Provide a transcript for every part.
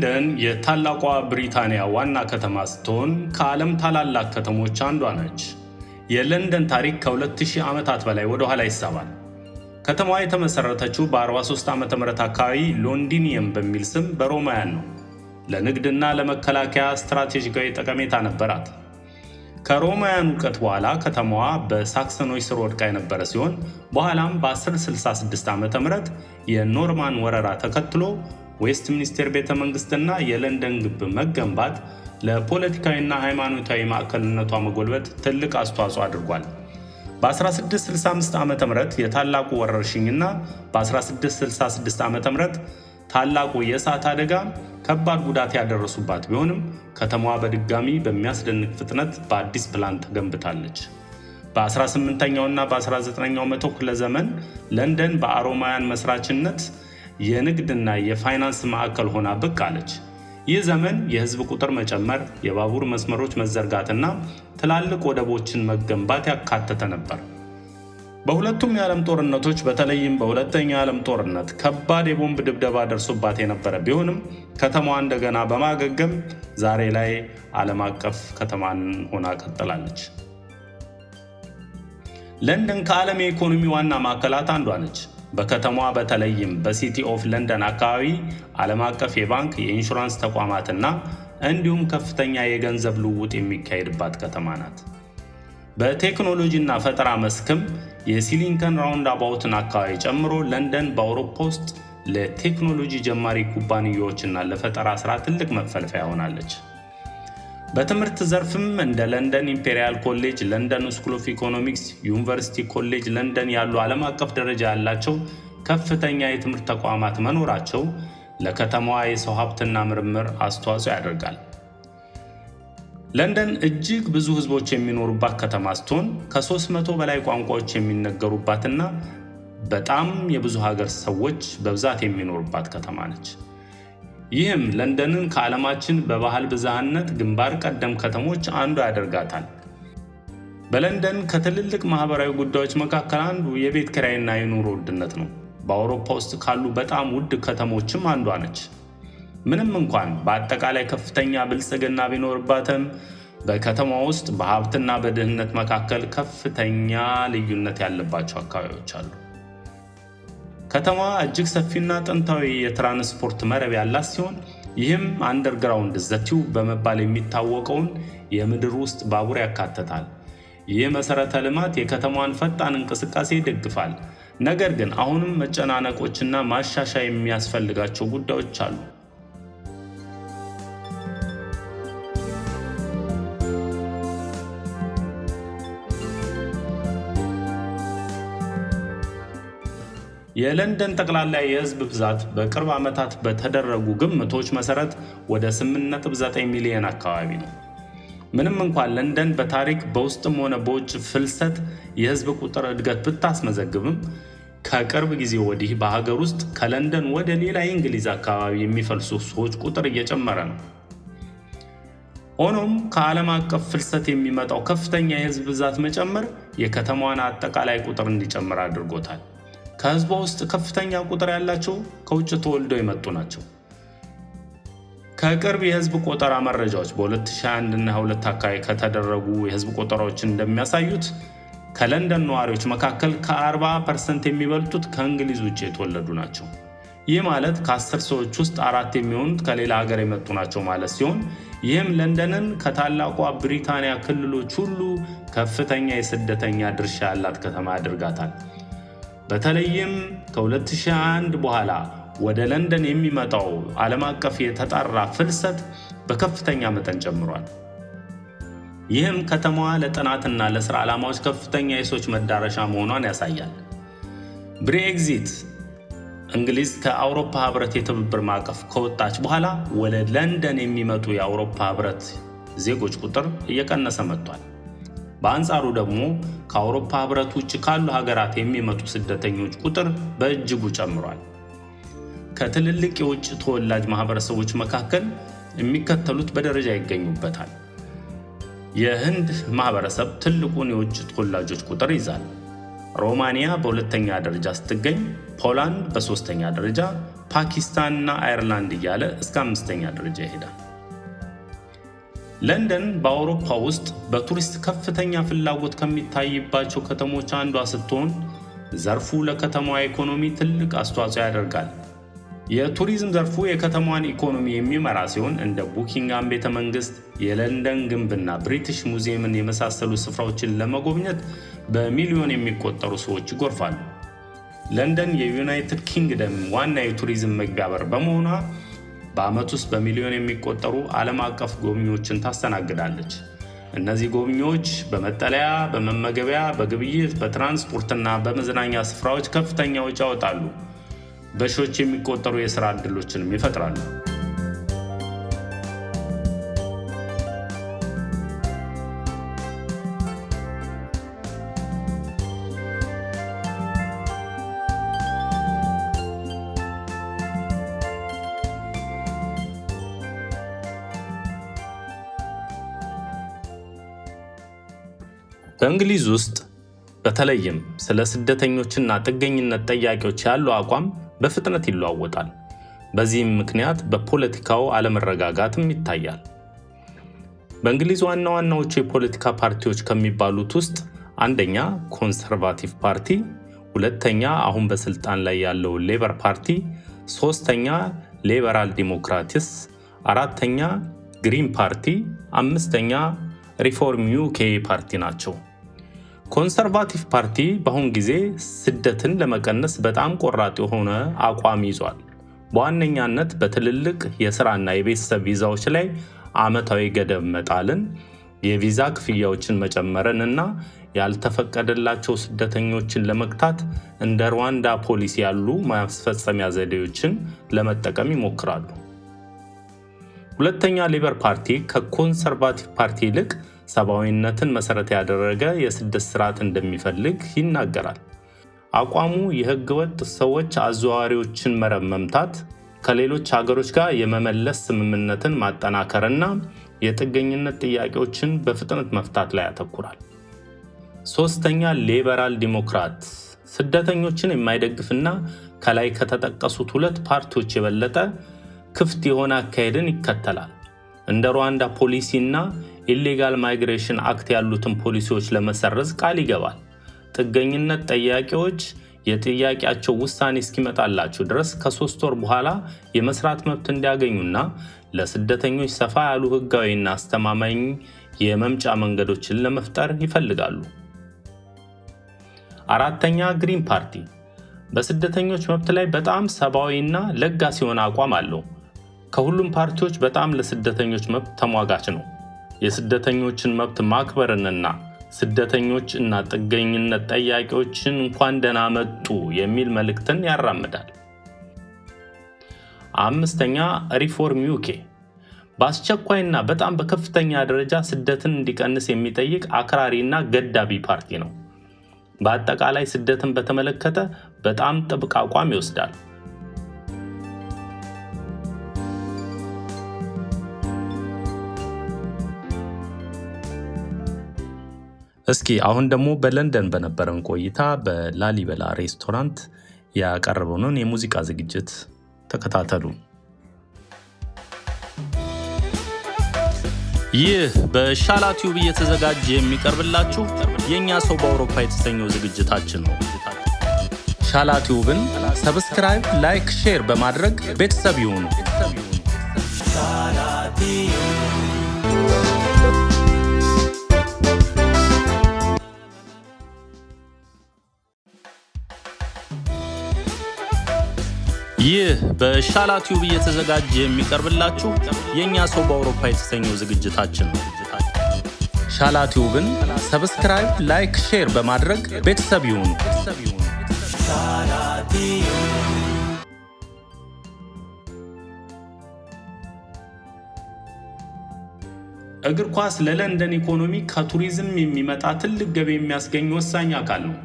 ለንደን የታላቋ ብሪታንያ ዋና ከተማ ስትሆን ከዓለም ታላላቅ ከተሞች አንዷ ነች። የለንደን ታሪክ ከ2000 ዓመታት በላይ ወደ ኋላ ይሳባል። ከተማዋ የተመሠረተችው በ43 ዓ ም አካባቢ ሎንዲኒየም በሚል ስም በሮማውያን ነው። ለንግድና ለመከላከያ ስትራቴጂካዊ ጠቀሜታ ነበራት። ከሮማውያን እውቀት በኋላ ከተማዋ በሳክሰኖች ስር ወድቃ የነበረ ሲሆን በኋላም በ1066 ዓ ም የኖርማን ወረራ ተከትሎ ዌስት ሚኒስቴር ቤተ መንግስትና የለንደን ግብ መገንባት ለፖለቲካዊና ሃይማኖታዊ ማዕከልነቷ መጎልበት ትልቅ አስተዋጽኦ አድርጓል። በ1665 ዓ ም የታላቁ ወረርሽኝና በ1666 ዓ ም ታላቁ የእሳት አደጋ ከባድ ጉዳት ያደረሱባት ቢሆንም ከተማዋ በድጋሚ በሚያስደንቅ ፍጥነት በአዲስ ፕላን ተገንብታለች። በ18ኛውና በ19ኛው መቶ ክፍለ ዘመን ለንደን በአሮማውያን መስራችነት የንግድና የፋይናንስ ማዕከል ሆና ብቅ አለች። ይህ ዘመን የህዝብ ቁጥር መጨመር፣ የባቡር መስመሮች መዘርጋትና ትላልቅ ወደቦችን መገንባት ያካተተ ነበር። በሁለቱም የዓለም ጦርነቶች በተለይም በሁለተኛ የዓለም ጦርነት ከባድ የቦምብ ድብደባ ደርሶባት የነበረ ቢሆንም ከተማዋ እንደገና በማገገም ዛሬ ላይ ዓለም አቀፍ ከተማን ሆና ቀጥላለች። ለንደን ከዓለም የኢኮኖሚ ዋና ማዕከላት አንዷ ነች። በከተማዋ በተለይም በሲቲ ኦፍ ለንደን አካባቢ ዓለም አቀፍ የባንክ የኢንሹራንስ ተቋማትና እንዲሁም ከፍተኛ የገንዘብ ልውውጥ የሚካሄድባት ከተማ ናት። በቴክኖሎጂና ፈጠራ መስክም የሲሊንከን ራውንድ አባውትን አካባቢ ጨምሮ ለንደን በአውሮፓ ውስጥ ለቴክኖሎጂ ጀማሪ ኩባንያዎችና ለፈጠራ ስራ ትልቅ መፈልፈያ ሆናለች። በትምህርት ዘርፍም እንደ ለንደን ኢምፔሪያል ኮሌጅ፣ ለንደን ስኩል ኦፍ ኢኮኖሚክስ፣ ዩኒቨርሲቲ ኮሌጅ ለንደን ያሉ ዓለም አቀፍ ደረጃ ያላቸው ከፍተኛ የትምህርት ተቋማት መኖራቸው ለከተማዋ የሰው ሀብትና ምርምር አስተዋጽኦ ያደርጋል። ለንደን እጅግ ብዙ ህዝቦች የሚኖሩባት ከተማ ስትሆን ከ300 በላይ ቋንቋዎች የሚነገሩባትና በጣም የብዙ ሀገር ሰዎች በብዛት የሚኖሩባት ከተማ ነች። ይህም ለንደንን ከዓለማችን በባህል ብዝሃነት ግንባር ቀደም ከተሞች አንዱ ያደርጋታል። በለንደን ከትልልቅ ማህበራዊ ጉዳዮች መካከል አንዱ የቤት ክራይና የኑሮ ውድነት ነው። በአውሮፓ ውስጥ ካሉ በጣም ውድ ከተሞችም አንዷ ነች። ምንም እንኳን በአጠቃላይ ከፍተኛ ብልጽግና ቢኖርባትም በከተማ ውስጥ በሀብትና በድህነት መካከል ከፍተኛ ልዩነት ያለባቸው አካባቢዎች አሉ። ከተማዋ እጅግ ሰፊና ጥንታዊ የትራንስፖርት መረብ ያላት ሲሆን ይህም አንደርግራውንድ ዘቲው በመባል የሚታወቀውን የምድር ውስጥ ባቡር ያካትታል። ይህ መሠረተ ልማት የከተማዋን ፈጣን እንቅስቃሴ ይደግፋል። ነገር ግን አሁንም መጨናነቆችና ማሻሻያ የሚያስፈልጋቸው ጉዳዮች አሉ። የለንደን ጠቅላላ የህዝብ ብዛት በቅርብ ዓመታት በተደረጉ ግምቶች መሰረት ወደ 8.9 ሚሊዮን አካባቢ ነው። ምንም እንኳን ለንደን በታሪክ በውስጥም ሆነ በውጭ ፍልሰት የህዝብ ቁጥር እድገት ብታስመዘግብም ከቅርብ ጊዜ ወዲህ በሀገር ውስጥ ከለንደን ወደ ሌላ የእንግሊዝ አካባቢ የሚፈልሱ ሰዎች ቁጥር እየጨመረ ነው። ሆኖም ከዓለም አቀፍ ፍልሰት የሚመጣው ከፍተኛ የህዝብ ብዛት መጨመር የከተማዋን አጠቃላይ ቁጥር እንዲጨምር አድርጎታል። ከህዝቧ ውስጥ ከፍተኛ ቁጥር ያላቸው ከውጭ ተወልደው የመጡ ናቸው። ከቅርብ የህዝብ ቆጠራ መረጃዎች በ2021 እና 2 አካባቢ ከተደረጉ የህዝብ ቆጠራዎች እንደሚያሳዩት ከለንደን ነዋሪዎች መካከል ከ40 ፐርሰንት የሚበልጡት ከእንግሊዝ ውጭ የተወለዱ ናቸው። ይህ ማለት ከ10 ሰዎች ውስጥ አራት የሚሆኑት ከሌላ ሀገር የመጡ ናቸው ማለት ሲሆን ይህም ለንደንን ከታላቋ ብሪታንያ ክልሎች ሁሉ ከፍተኛ የስደተኛ ድርሻ ያላት ከተማ ያደርጋታል። በተለይም ከ2001 በኋላ ወደ ለንደን የሚመጣው ዓለም አቀፍ የተጣራ ፍልሰት በከፍተኛ መጠን ጨምሯል። ይህም ከተማዋ ለጥናትና ለሥራ ዓላማዎች ከፍተኛ የሰዎች መዳረሻ መሆኗን ያሳያል። ብሬግዚት እንግሊዝ ከአውሮፓ ህብረት የትብብር ማዕቀፍ ከወጣች በኋላ ወደ ለንደን የሚመጡ የአውሮፓ ህብረት ዜጎች ቁጥር እየቀነሰ መጥቷል። በአንጻሩ ደግሞ ከአውሮፓ ህብረት ውጭ ካሉ ሀገራት የሚመጡ ስደተኞች ቁጥር በእጅጉ ጨምሯል። ከትልልቅ የውጭ ተወላጅ ማህበረሰቦች መካከል የሚከተሉት በደረጃ ይገኙበታል። የህንድ ማህበረሰብ ትልቁን የውጭ ተወላጆች ቁጥር ይዛል። ሮማኒያ በሁለተኛ ደረጃ ስትገኝ፣ ፖላንድ በሶስተኛ ደረጃ፣ ፓኪስታንና አየርላንድ እያለ እስከ አምስተኛ ደረጃ ይሄዳል። ለንደን በአውሮፓ ውስጥ በቱሪስት ከፍተኛ ፍላጎት ከሚታይባቸው ከተሞች አንዷ ስትሆን ዘርፉ ለከተማዋ ኢኮኖሚ ትልቅ አስተዋጽኦ ያደርጋል። የቱሪዝም ዘርፉ የከተማዋን ኢኮኖሚ የሚመራ ሲሆን እንደ ቡኪንግም ቤተ መንግስት፣ የለንደን ግንብና ብሪቲሽ ሙዚየምን የመሳሰሉ ስፍራዎችን ለመጎብኘት በሚሊዮን የሚቆጠሩ ሰዎች ይጎርፋሉ። ለንደን የዩናይትድ ኪንግደም ዋና የቱሪዝም መግቢያ በር በመሆኗ በዓመት ውስጥ በሚሊዮን የሚቆጠሩ ዓለም አቀፍ ጎብኚዎችን ታስተናግዳለች። እነዚህ ጎብኚዎች በመጠለያ፣ በመመገቢያ፣ በግብይት፣ በትራንስፖርትና በመዝናኛ ስፍራዎች ከፍተኛ ወጪ ያወጣሉ። በሺዎች የሚቆጠሩ የሥራ ዕድሎችንም ይፈጥራሉ። በእንግሊዝ ውስጥ በተለይም ስለ ስደተኞችና ጥገኝነት ጠያቂዎች ያለው አቋም በፍጥነት ይለዋወጣል። በዚህም ምክንያት በፖለቲካው አለመረጋጋትም ይታያል። በእንግሊዝ ዋና ዋናዎቹ የፖለቲካ ፓርቲዎች ከሚባሉት ውስጥ አንደኛ ኮንሰርቫቲቭ ፓርቲ፣ ሁለተኛ አሁን በስልጣን ላይ ያለው ሌበር ፓርቲ፣ ሶስተኛ ሊበራል ዲሞክራቲስ፣ አራተኛ ግሪን ፓርቲ፣ አምስተኛ ሪፎርም ዩኬ ፓርቲ ናቸው። ኮንሰርቫቲቭ ፓርቲ በአሁን ጊዜ ስደትን ለመቀነስ በጣም ቆራጥ የሆነ አቋም ይዟል። በዋነኛነት በትልልቅ የስራና የቤተሰብ ቪዛዎች ላይ ዓመታዊ ገደብ መጣልን፣ የቪዛ ክፍያዎችን መጨመርን እና ያልተፈቀደላቸው ስደተኞችን ለመግታት እንደ ሩዋንዳ ፖሊሲ ያሉ ማስፈጸሚያ ዘዴዎችን ለመጠቀም ይሞክራሉ። ሁለተኛ ሊበር ፓርቲ ከኮንሰርቫቲቭ ፓርቲ ይልቅ ሰብአዊነትን መሰረት ያደረገ የስደት ስርዓት እንደሚፈልግ ይናገራል። አቋሙ የህገወጥ ሰዎች አዘዋዋሪዎችን መረብ መምታት፣ ከሌሎች ሀገሮች ጋር የመመለስ ስምምነትን ማጠናከርና የጥገኝነት ጥያቄዎችን በፍጥነት መፍታት ላይ ያተኩራል። ሶስተኛ፣ ሊበራል ዲሞክራት ስደተኞችን የማይደግፍና ከላይ ከተጠቀሱት ሁለት ፓርቲዎች የበለጠ ክፍት የሆነ አካሄድን ይከተላል። እንደ ሩዋንዳ ፖሊሲ እና ኢሌጋል ማይግሬሽን አክት ያሉትን ፖሊሲዎች ለመሰረዝ ቃል ይገባል። ጥገኝነት ጠያቂዎች የጥያቄያቸው ውሳኔ እስኪመጣላቸው ድረስ ከሶስት ወር በኋላ የመስራት መብት እንዲያገኙና ለስደተኞች ሰፋ ያሉ ህጋዊና አስተማማኝ የመምጫ መንገዶችን ለመፍጠር ይፈልጋሉ። አራተኛ፣ ግሪን ፓርቲ በስደተኞች መብት ላይ በጣም ሰብአዊና ለጋስ የሆነ አቋም አለው። ከሁሉም ፓርቲዎች በጣም ለስደተኞች መብት ተሟጋች ነው። የስደተኞችን መብት ማክበርንና ስደተኞች እና ጥገኝነት ጠያቂዎችን እንኳን ደህና መጡ የሚል መልእክትን ያራምዳል። አምስተኛ ሪፎርም ዩኬ በአስቸኳይና በጣም በከፍተኛ ደረጃ ስደትን እንዲቀንስ የሚጠይቅ አክራሪና ገዳቢ ፓርቲ ነው። በአጠቃላይ ስደትን በተመለከተ በጣም ጥብቅ አቋም ይወስዳል። እስኪ አሁን ደግሞ በለንደን በነበረን ቆይታ በላሊበላ ሬስቶራንት ያቀረበውን የሙዚቃ ዝግጅት ተከታተሉ። ይህ በሻላ ቲዩብ እየተዘጋጀ የሚቀርብላችሁ የእኛ ሰው በአውሮፓ የተሰኘው ዝግጅታችን ነው። ሻላ ቲዩብን ሰብስክራይብ፣ ላይክ፣ ሼር በማድረግ ቤተሰብ ይሁኑ። ይህ በሻላ ቲዩብ እየተዘጋጀ የሚቀርብላችሁ የእኛ ሰው በአውሮፓ የተሰኘው ዝግጅታችን ነው። ሻላ ቲዩብን ሰብስክራይብ፣ ላይክ፣ ሼር በማድረግ ቤተሰብ ይሁኑ። እግር ኳስ ለለንደን ኢኮኖሚ ከቱሪዝም የሚመጣ ትልቅ ገቢ የሚያስገኝ ወሳኝ አካል ነው።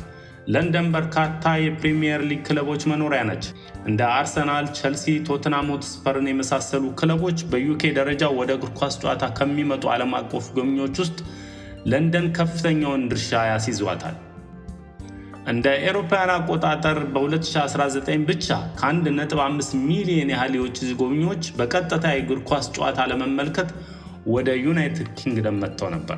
ለንደን በርካታ የፕሪሚየር ሊግ ክለቦች መኖሪያ ነች። እንደ አርሰናል፣ ቸልሲ፣ ቶትናም ሆትስፐርን የመሳሰሉ ክለቦች በዩኬ ደረጃ ወደ እግር ኳስ ጨዋታ ከሚመጡ ዓለም አቀፍ ጎብኚዎች ውስጥ ለንደን ከፍተኛውን ድርሻ ያስይዟታል። እንደ ኤሮፓያን አቆጣጠር በ2019 ብቻ ከ1.5 ሚሊዮን ያህል የውጭ ጎብኚዎች በቀጥታ የእግር ኳስ ጨዋታ ለመመልከት ወደ ዩናይትድ ኪንግደም መጥተው ነበር።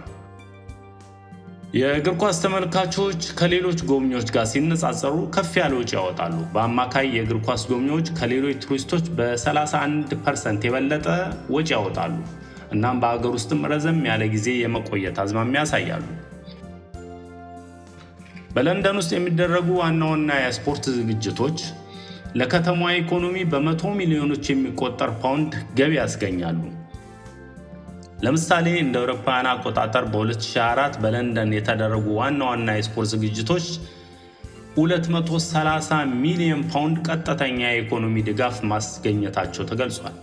የእግር ኳስ ተመልካቾች ከሌሎች ጎብኚዎች ጋር ሲነጻጸሩ ከፍ ያለ ወጪ ያወጣሉ። በአማካይ የእግር ኳስ ጎብኚዎች ከሌሎች ቱሪስቶች በ31 ፐርሰንት የበለጠ ወጪ ያወጣሉ። እናም በሀገር ውስጥም ረዘም ያለ ጊዜ የመቆየት አዝማሚያ ያሳያሉ። በለንደን ውስጥ የሚደረጉ ዋና ዋና የስፖርት ዝግጅቶች ለከተማዋ ኢኮኖሚ በመቶ ሚሊዮኖች የሚቆጠር ፓውንድ ገቢ ያስገኛሉ። ለምሳሌ እንደ አውሮፓውያን አቆጣጠር በ2004 በለንደን የተደረጉ ዋና ዋና የስፖርት ዝግጅቶች 230 ሚሊዮን ፓውንድ ቀጥተኛ የኢኮኖሚ ድጋፍ ማስገኘታቸው ተገልጿል።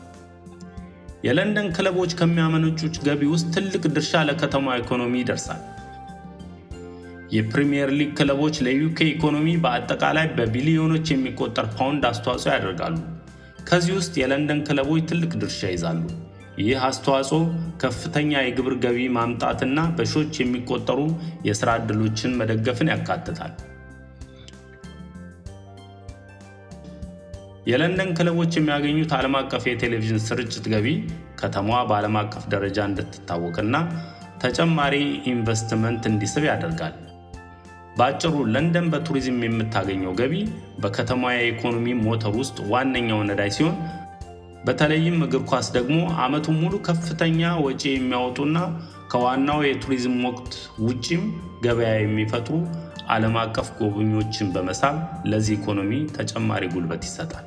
የለንደን ክለቦች ከሚያመነጩት ገቢ ውስጥ ትልቅ ድርሻ ለከተማዋ ኢኮኖሚ ይደርሳል። የፕሪምየር ሊግ ክለቦች ለዩኬ ኢኮኖሚ በአጠቃላይ በቢሊዮኖች የሚቆጠር ፓውንድ አስተዋጽኦ ያደርጋሉ። ከዚህ ውስጥ የለንደን ክለቦች ትልቅ ድርሻ ይዛሉ። ይህ አስተዋጽኦ ከፍተኛ የግብር ገቢ ማምጣትና በሺዎች የሚቆጠሩ የሥራ ዕድሎችን መደገፍን ያካትታል። የለንደን ክለቦች የሚያገኙት ዓለም አቀፍ የቴሌቪዥን ስርጭት ገቢ ከተማዋ በዓለም አቀፍ ደረጃ እንድትታወቅና ተጨማሪ ኢንቨስትመንት እንዲስብ ያደርጋል። በአጭሩ ለንደን በቱሪዝም የምታገኘው ገቢ በከተማዋ የኢኮኖሚ ሞተር ውስጥ ዋነኛው ነዳጅ ሲሆን በተለይም እግር ኳስ ደግሞ ዓመቱን ሙሉ ከፍተኛ ወጪ የሚያወጡና ከዋናው የቱሪዝም ወቅት ውጪም ገበያ የሚፈጥሩ ዓለም አቀፍ ጎብኚዎችን በመሳብ ለዚህ ኢኮኖሚ ተጨማሪ ጉልበት ይሰጣል።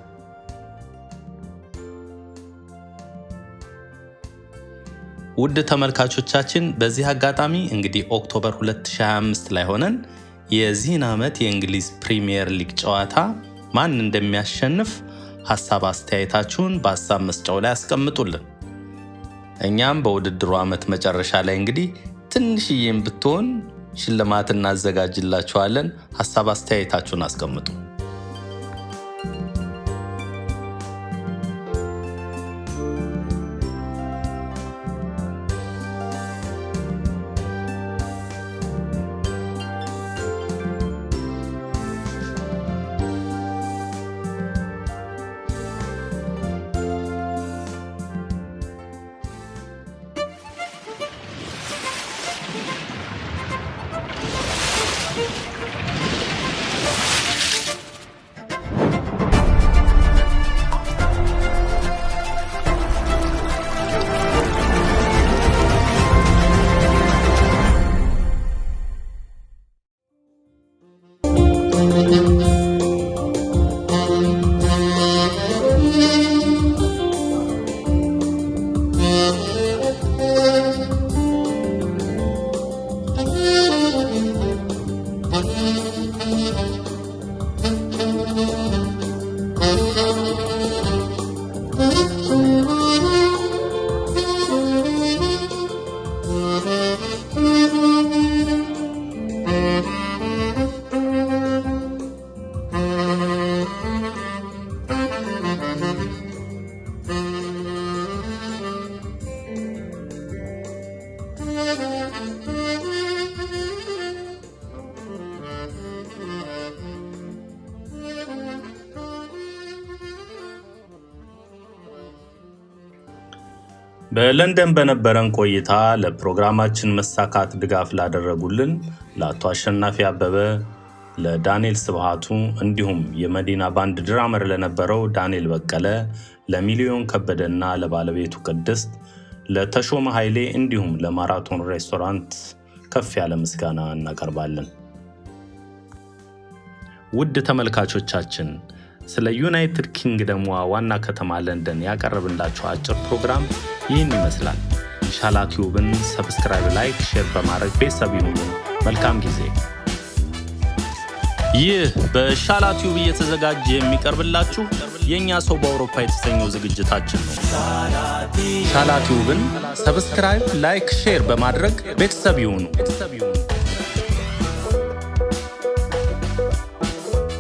ውድ ተመልካቾቻችን በዚህ አጋጣሚ እንግዲህ ኦክቶበር 2025 ላይ ሆነን የዚህን ዓመት የእንግሊዝ ፕሪሚየር ሊግ ጨዋታ ማን እንደሚያሸንፍ ሐሳብ አስተያየታችሁን በሐሳብ መስጫው ላይ አስቀምጡልን። እኛም በውድድሩ ዓመት መጨረሻ ላይ እንግዲህ ትንሽዬም ብትሆን ሽልማት እናዘጋጅላችኋለን። ሐሳብ አስተያየታችሁን አስቀምጡ። በለንደን በነበረን ቆይታ ለፕሮግራማችን መሳካት ድጋፍ ላደረጉልን ለአቶ አሸናፊ አበበ፣ ለዳንኤል ስብሃቱ እንዲሁም የመዲና ባንድ ድራመር ለነበረው ዳንኤል በቀለ፣ ለሚሊዮን ከበደና ለባለቤቱ ቅድስት፣ ለተሾመ ኃይሌ እንዲሁም ለማራቶን ሬስቶራንት ከፍ ያለ ምስጋና እናቀርባለን። ውድ ተመልካቾቻችን ስለ ዩናይትድ ኪንግደምዋ ዋና ከተማ ለንደን ያቀረብንላችሁ አጭር ፕሮግራም ይህን ይመስላል። ሻላ ቲዩብን ሰብስክራይብ፣ ላይክ፣ ሼር በማድረግ ቤተሰብ ይሁኑ። መልካም ጊዜ። ይህ በሻላ ቲዩብ እየተዘጋጀ የሚቀርብላችሁ የእኛ ሰው በአውሮፓ የተሰኘው ዝግጅታችን ነው። ሻላ ቲዩብን ሰብስክራይብ፣ ላይክ፣ ሼር በማድረግ ቤተሰብ ይሁኑ።